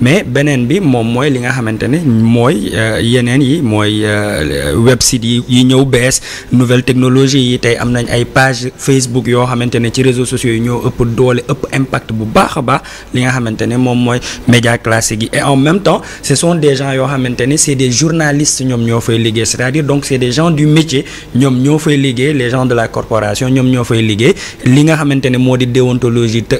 mais beneen bi moom mooy li nga xamante ne mooy euh, yeneen yi mooy euh, website yi yi ñëw bees nouvelle technologie yi tey am nañ ay page Facebook yoo xamante ne ci réseaux sociaux yi ñoo ëpp doole ëpp impact bu baax a baax li nga xamante ne moom mooy média classique yi et en même temps ce sont des gens yoo xamante ne c'est des journalistes ñoom ñoo fay liggéey c'est-à-dire donc c'est des gens du métier ñoom ñoo fay liggéey les gens de la corporation ñoom ñoo fay liggéey li nga xamante ne moo di déontologie të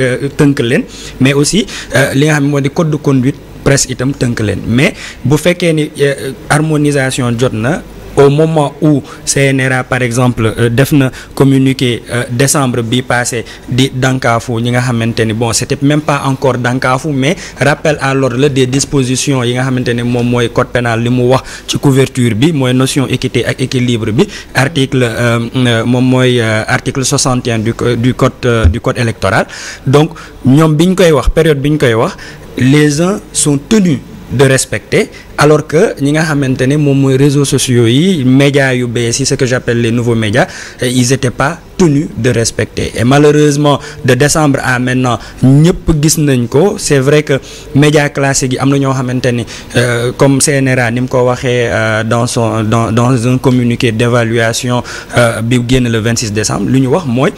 euh, tënk leen nga xam moo di code de conduite presse itam tënk leen mais bu fekkee ni euh, harmonisation jot na au moment où CNRA par exemple euh, def na communiqué euh, décembre bi passé di dànkaafu ñi nga xamante ni bon c'était même pas encore dànkaafu mais rappel à l'ordre la des dispositions yi nga xamante ni moom mooy code pénal li mu wax ci couverture bi mooy notion équité ak équilibre bi article euh, euh, moom mooy article 61 du du code du code électoral donc ñoom biñ koy wax période bi ñu koy wax les uns sont tenus de respecter alors que ñi nga xamante ne moom mooy réseaux sociaux yi médias yu bees yi ce que j'appelle les nouveaux médias eh, ils étaient pas tenus de respecter et malheureusement de décembre à maintenant ñëpp gis nañ ko c'est vrai que médias classiques yi am na ñoo xamante ne euh, comme CNRA ni mu ko waxee euh, dans son dans dans un communiqué d'évaluation euh, bi génn le 26 décembre lu ñu wax mooy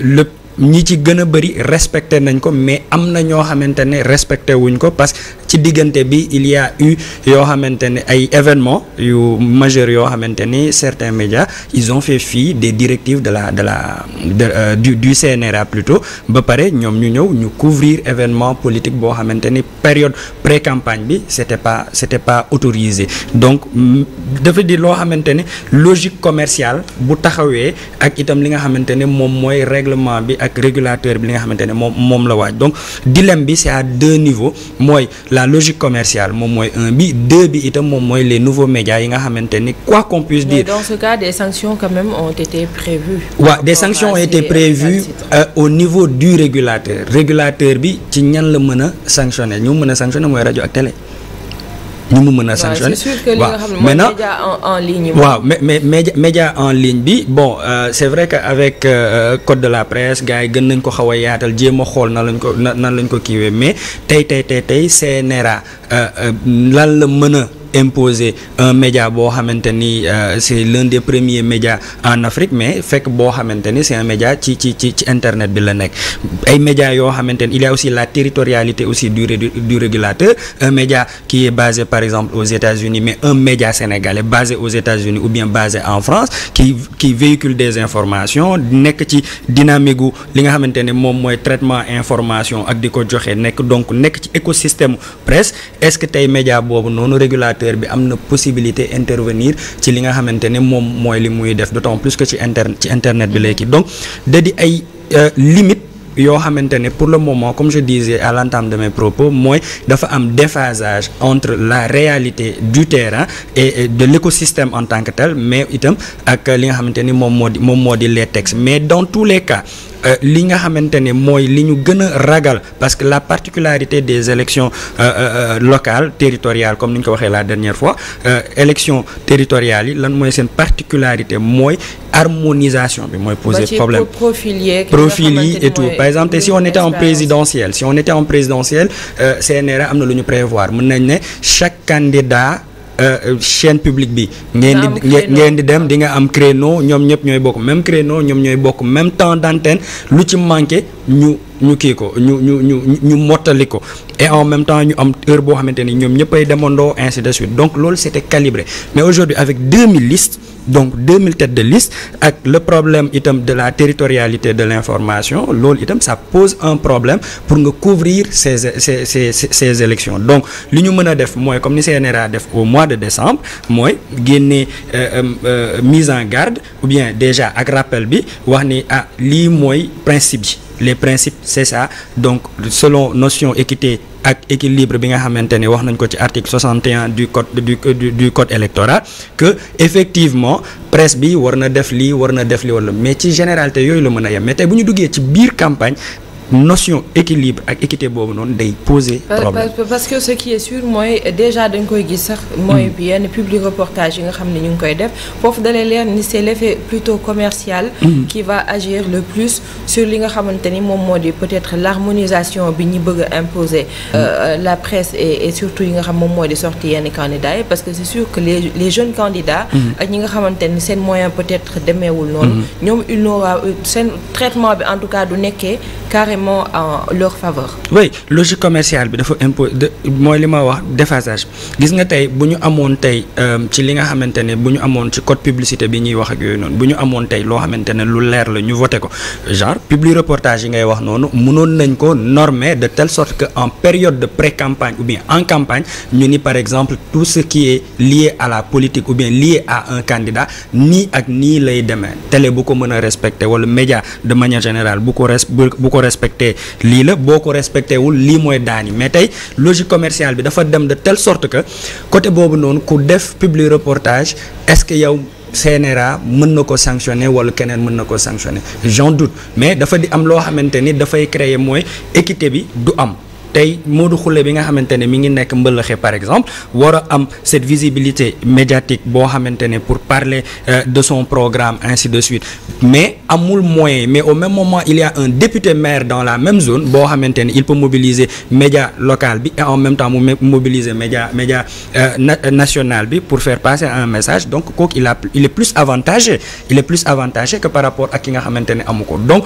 le ñi ci gën a bëri respecté nañ ko mais am na ñoo xamante ne respecté wuñ ko parce que ci diggante bi il y eu yoo xamante ne ay événements yu majeurs yoo xamante ni certains médias ils ont fait fii des directive de la de la de, euh, du du CNRA plutôt ba pare ñoom ñu ñëw ñu couvrir événement politique boo xamante ni période pré campagne bi c'était pas c'était pas autorisé donc mm, dafa di loo xamante ne logique commerciale bu taxawee ak itam li nga xamante ne moom mooy règlement bi. ak régulateur bi li nga xamante ne moom moom la waaj donc dilemme bi c'est à deux niveaux mooy la logique commerciale moom mooy un bi deux bi itam moom mooy les nouveaux médias yi nga xamante ni quoi qu'on puisse dire. mais dans ce cas des sanctions quand même ont été prévues. waaw des sanctions ont été prévues euh, au niveau du régulateur régulateur bi ci ñan la mën a sanctionner ñu mën a sanctionner mooy rajo ak télé. ñu mu mën a sanctionné waaw maintenant waaw mais mais média en ligne bi bon euh, c'est vrai que avec euh, code de la presse gars yi gën nañ ko xaw yaatal jéem a xool nan lañ ko na nan lañ ko kiiwee mais tey tey tey tey CNRA euh, lan la mën a imposer un média boo xamante ni euh, c'est l'un des premiers médias en Afrique mais fekk boo xamante ni c'est un média ci ci ci ci internet bi la nekk ay médias yoo xamante ni il y aussi la territorialité aussi du du régulateur un média qui est basé par exemple aux États-Unis mais un média sénégalais basé aux États-Unis ou bien basé en France qui qui véhicule des informations nekk ci dynamique li nga xamante ne moom mooy traitement information ak di ko joxe nekk donc nekk ci écosystème acteur bi am na possibilité intervenir ci li nga xamante ne moom mooy li muy def d'autant plus que ci interne ci internet bi léegi donc da di ay euh, limite yoo xamante ne pour le moment comme je disais à l'entame de mes propos mooy dafa am défasage entre la réalité du terrain et de l'écosystème en tant que mais itam ak li nga xamante ni moom moo di moom moo di les textes mais dans tous les cas Euh, li nga xamante ne mooy li ñu gën a ragal parce que la particularité des élections euh, euh, locales territoriales comme ni ñu ko waxee la dernière fois élections territoriales yi lan mooy seen particularité mooy harmonisation bi mooy poser problème profil yi et tout par exemple si on était en présidentielle si on était en présidentielle CNRA am na lu ñu prévoir mën nañ ne chaque candidat Euh, chain publique bi. ngeen di ngeen di dem di nga am créneau ñoom ñëpp ñooy bokk même créneau ñoom ñooy bokk même temps d'antenne lu ci manqué ñu ñu kii ko ñu ñu ñu ñu mottali ko et en même temps ñu am heure boo xamante ni ñoom ñëpp ay demandoo ainsi de suite donc loolu c'était calibré mais aujourd'hui avec 2000 listes. donc 2000 têtes de liste ak le problème itam de la territorialité de l'information loolu itam ça pose un problème pour nga couvrir ces ces ces ces élections donc li ñu mën a def mooy comme ni CNRA def au mois de décembre mooy génne euh, euh, euh, mise en garde ou bien déjà ak rappel bi wax ni ah lii mooy principe yi les principes c'est ça donc selon notion équité ak équilibre bi nga xamante ne wax nañ ko ci article 61 du code du du code électoral que effectivement presse bi war na def lii war na def li wala mais ci généralité yooyu la mën a yem mais tey bu ñu duggee ci biir campagne notion équilibre ak équité boobu noonu day poser problème parce que ce qui est sûr mooy déjà dañ koy gis sax mooy hmm. yenn public reportage yi nga xam ne ñu ngi koy def foofu dalee leer ni c'est l'effet plutôt commercial hmm. qui va agir le plus sur li nga xamante ni moom moo di peut-être l'harmonisation bi ñu bëgg a hmm. euh, la presse et surtout yi nga xam moom moo di sorti yenn candidats yi parce que c'est sûr que les les jeunes candidats ak ñi nga xamante ni seen moyen peut-être demeewul noonu ñoom il n'aura euh, seen traitement bi en tout cas du nekkee carrément en leur logique commerciale bi dafa impo mooy li ma wax déphasage gis nga tey bu ñu amoon tey euh, ci li nga xamante ne bu ñu amoon ci code publicité bi ñuy wax ak yooyu noonu bu ñu amoon tey loo xamante ne lu leer la ñu voté ko genre publi reportage yi ngay wax noonu mënoon nañ ko normer de telle sorte que en période de pré-campagne ou bien en campagne ñu ni par exemple tout ce qui est lié à la politique ou bien lié à un candidat nii ak nii lay demee télé bu ko mën a respecter wala média de respecté lii la boo ko respecté wul lii mooy daan mais tey logique commerciale bi dafa dem de telle sorte que côté boobu noonu ku def public reportage est-ce que yow CNRA mën na ko sanctionner wala keneen mën na ko sanctionner j'en doute mais dafa di am loo xamante ni dafay créer mooy équité bi du am tey Modou Khoule bi nga xamante ne mi ngi nekk mbëlëxe par exemple war a am cette visibilité médiatique boo xamante ne pour parler euh, de son programme ainsi de suite mais amul moyen mais au même moment il y a un député maire dans la même zone bo xamante ne il peut mobiliser média local bi et en même temps mu mobiliser média média euh, national bi pour faire passer un message donc kooku il a il est plus avantagé il est plus avantagé que par rapport ak ki nga xamante ne amu ko donc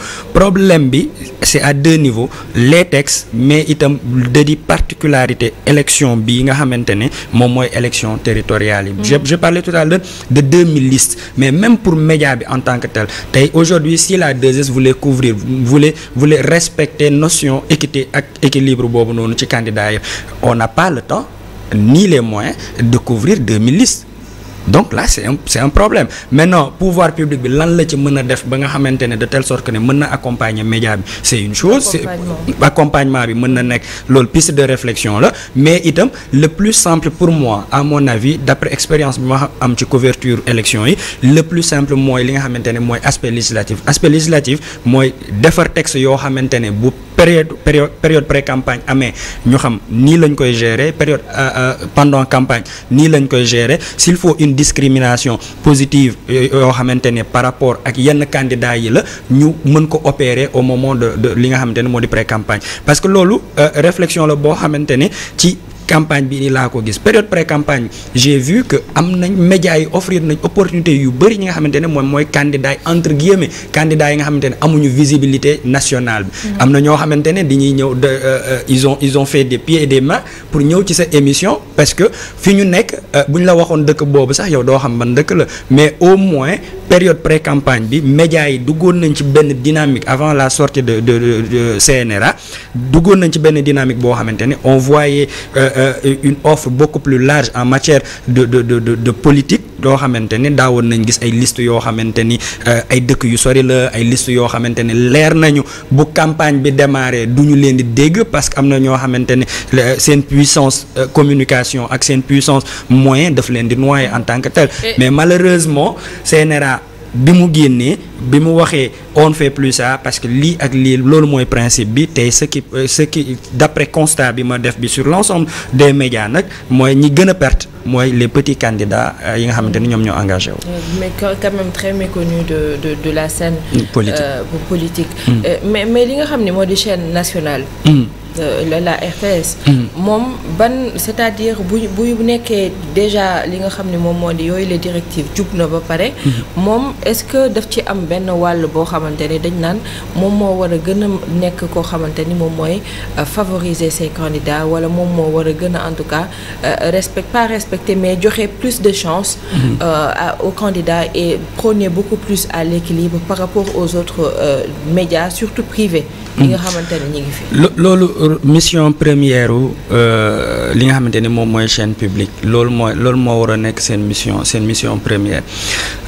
moom da di particularité élection bii nga xamante ne moom mooy élection territoriale yi je je parlais tout à l'heure de 2000 listes mais même pour média bi en tant que tel tey aujourd'hui si la 2S voulait couvrir voulait voulait respecter notion équité ak équilibre boobu noonu ci candidat yi on n'a pas le temps ni les moyens de couvrir 2000 listes donc là c' est un c' est un problème maintenant pouvoir public bi lan la ci mën a def ba nga xamante ne de tell sorte que ne mën na accompagner média bi c' est une chose. accompagnement bi mën na nekk loolu piste de réflexion la mais itam le plus simple pour moi à mon avis d' après expérience bi ma am ci couverture élection yi le plus simple mooy li nga xamante ne mooy aspect législatif aspect législatif mooy defar texte yoo xamante ne bu. période période période pré campagne amee ñu xam nii lañ koy gérer période euh, euh, pendant campagne nii lañ koy gérer s'il faut une discrimination positive yoo xamante ne par rapport ak yenn candidats yi la ñu mën ko opérer au moment de de li nga xamante ne moo di pré campagne parce que loolu euh, réflexion la boo xamante ne ci campagne bi ni laa ko gis période pré campagne j'ai vu que am nañ médias yi offrir nañ opportunité yu bëri ñi nga xamante ne moom mooy candidat yi entre guillemets candidat yi nga xamante ne amuñu visibilité nationale bi mhm. am na ñoo xamante ne ñuy ñëw de euh, euh, ils ont ils fait des pieds des mains pour ñëw ci sa émission parce que fi ñu nekk euh, bu ñu la waxoon dëkk boobu sax yow doo xam ban dëkk la mais au moins période pré campagne bi médias yi duggoon nañ ci benn dynamique avant la sortie de de de CNRA duggoon nañ ci benn dynamique boo xamante ne Euh, euh, une offre beaucoup plus large en matière de de de de, de politique yoo xamante ni daawoon nañ gis ay liste yoo xamante ni euh, ay dëkk yu sori la ay liste yoo xamante ni leer nañu bu campagne bi démarré du ñu leen di dégg parce que am na ñoo xamante ni seen puissance communication ak seen puissance moyen daf leen di noyé en tant que tel mais malheureusement CNRA bi mu génnee bi mu waxee on fait plus ça parce que lii ak lii loolu mooy principe bi tey ce qui euh, ce constat bi ma def bi sur l'ensemble des médias nag mooy ñi gën a perte mooy les petits candidats euh, yi nga xamante ni ñoom ñoo engagé wu. Euh, mais quand même très méconnu de de la scène. politique euh, politique. Hmm. mais li nga xam ne moo di chaîne nationale. Hmm. la la RTS. Hmm. moom ban c'est-à-dire bu bu nekkee déjà li nga xam ne moom moo di yooyu les directives jub na ba pare. Hmm. moom est-ce que daf ci am benn wàll boo xamante ne dañ naan moom moo war a gën a nekk koo xamante ni moom mooy euh, favoriser ses candidats wala moom moo war a gën a en tout cas euh, respect pas respecter mais joxe plus de chance. Hmm. Euh, aux candidats et prôner beaucoup plus à l'équilibre par rapport au autres médias surtout privés. yi nga xamante ne ngi fi. mission première euh, li nga xamante ni moom mooy chaîne publique loolu mooy loolu moo war a nekk seen mission seen mission première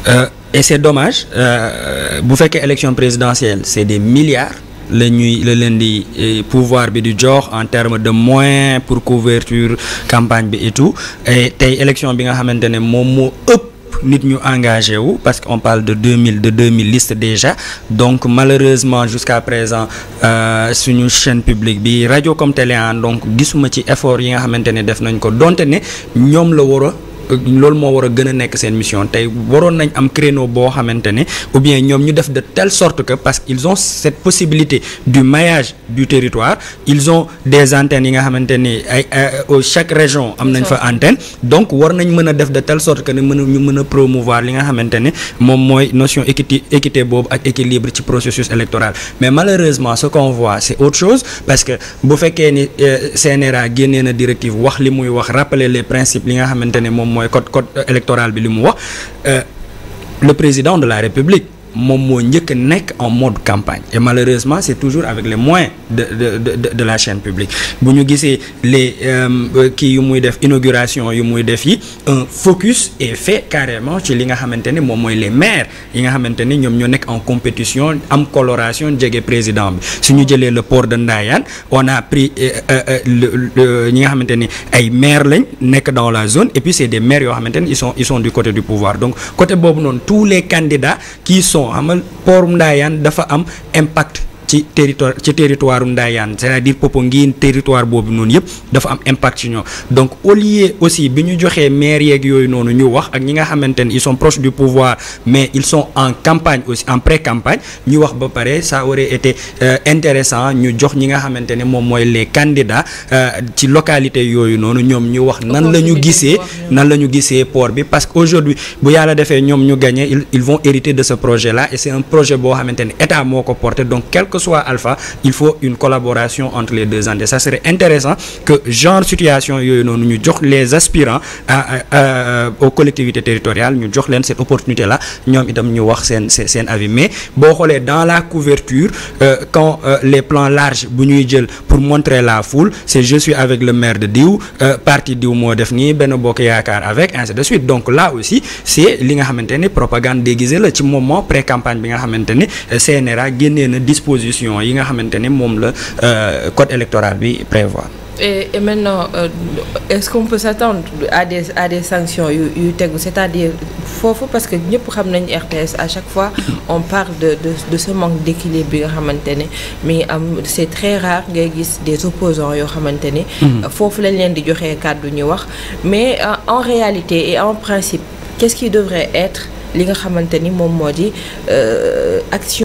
euh, et c'est dommage euh, bu fekkee élection présidentielle c'est des milliards la ñuy la leen di eh, pouvoir bi di jox en terme de moyens pour couverture campagne bi et et tey élection bi nga xamante ne moom moo ëpp nit ñu engagé wu parce que on parle de deux mille de deux mille listes déjà donc malheureusement jusqu'à présent euh, suñu chaîne publique bi rajo comme télé en ah, donc gisuma ci effort yi nga xamante ne def nañ ko donte ne ñoom la war loolu moo war a gën a nekk seen mission tey waroon nañ am créneau boo xamante ne ou bien ñoom ñu def de telle sort que parce qu'ils ont cette possibilité du maillage du territoire ils ont des antennes yi nga xamante ne ay euh, chaque région am nañ fa antenne donc war nañ mën a def de telle sorte que ne mën ñu mën a promouvoir li nga xamante ne moom mooy notion équité équité boobu ak équilibre ci processus électoral mais malheureusement ce qu'on voit c'est autre chose parce que bu fekkee ni euh, CNRA génnee na directive wax li muy wax rappeler les principes li nga mooy code code électoral bi li mu wax euh, le président de la république moom moo njëkk a nekk en mode campagne et malheureusement c'est toujours avec les moyens de de de la chaîne publique bu ñu gisee les euh, euh, kii yu muy def inauguration yu muy def yi un focus est fait carrément ci li nga xamante ni moom mooy les maires yi nga xamante ni ñoom ñoo nekk en compétition am coloration jege président bi su ñu jëlee le port de Ndayane on a pris euh, ñi nga xamante ni ay maires lañ nekk dans la zone et puis c'est des maires yoo xamant ni ils sont ils sont du côté du sont amal poorum Ndayane dafa am impact ci territoire ci territoire Ndayane c'est-à-dire boobu noonu yëpp dafa am impact ci ñoom donc au lieu aussi bi ñu joxee maire yeeg yooyu noonu ñu wax ak ñi nga xamante ne ils son proches du pouvoir mais ils sont en campagne aussi en pré-campagne ñu wax ba pare ça aurait été euh, intéressant ñu jox ñi nga xamante ne moom mooy les candidats euh, ci localité yooyu noonu ñoom ñu wax nan la ñu gisee nan la ñu gisee port bi parce que aujourd'hui bu yàlla defee ñoom ñu gagné ils vont hériter de ce projet là et c'est boo xamante ne état moo ko porté que soit Alpha il faut une collaboration entre les deux entités ça serait intéressant que genre situation yooyu noonu ñu jox les aspirants à, à, à, euh, aux ñu jox leen cette opportunité la ñoom itam ñu wax seen seen seen avis mais boo xoolee dans la couverture euh, quand euh, les plans larges bu ñuy jël pour montrer la foule c'est je suis avec le maire de diw euh, parti diw moo def nii benn bokk yaakaar avec ainsi de suite donc là aussi c'est li nga xamante ni la ci moment pré campagne bi nga xamante euh, dispositions yi nga xamante ne moom la euh, code électoral bi prévoir. Et, et maintenant euh, est-ce qu'on peut s'attendre à des à des sanctions yu tegu c'est-à-dire foofu parce que ñëpp xam nañu RTS à chaque fois mm-hmm. on parle de de de ce manque d'équilibre bi nga xamante ne mi ngi am c'est très rare ngay gis des opposants yoo xamante ne mm-hmm. foofu lañ leen di joxee kàddu ñu wax mais euh, en réalité et en principe qu'est-ce qui devrait être li nga xamante moom moo di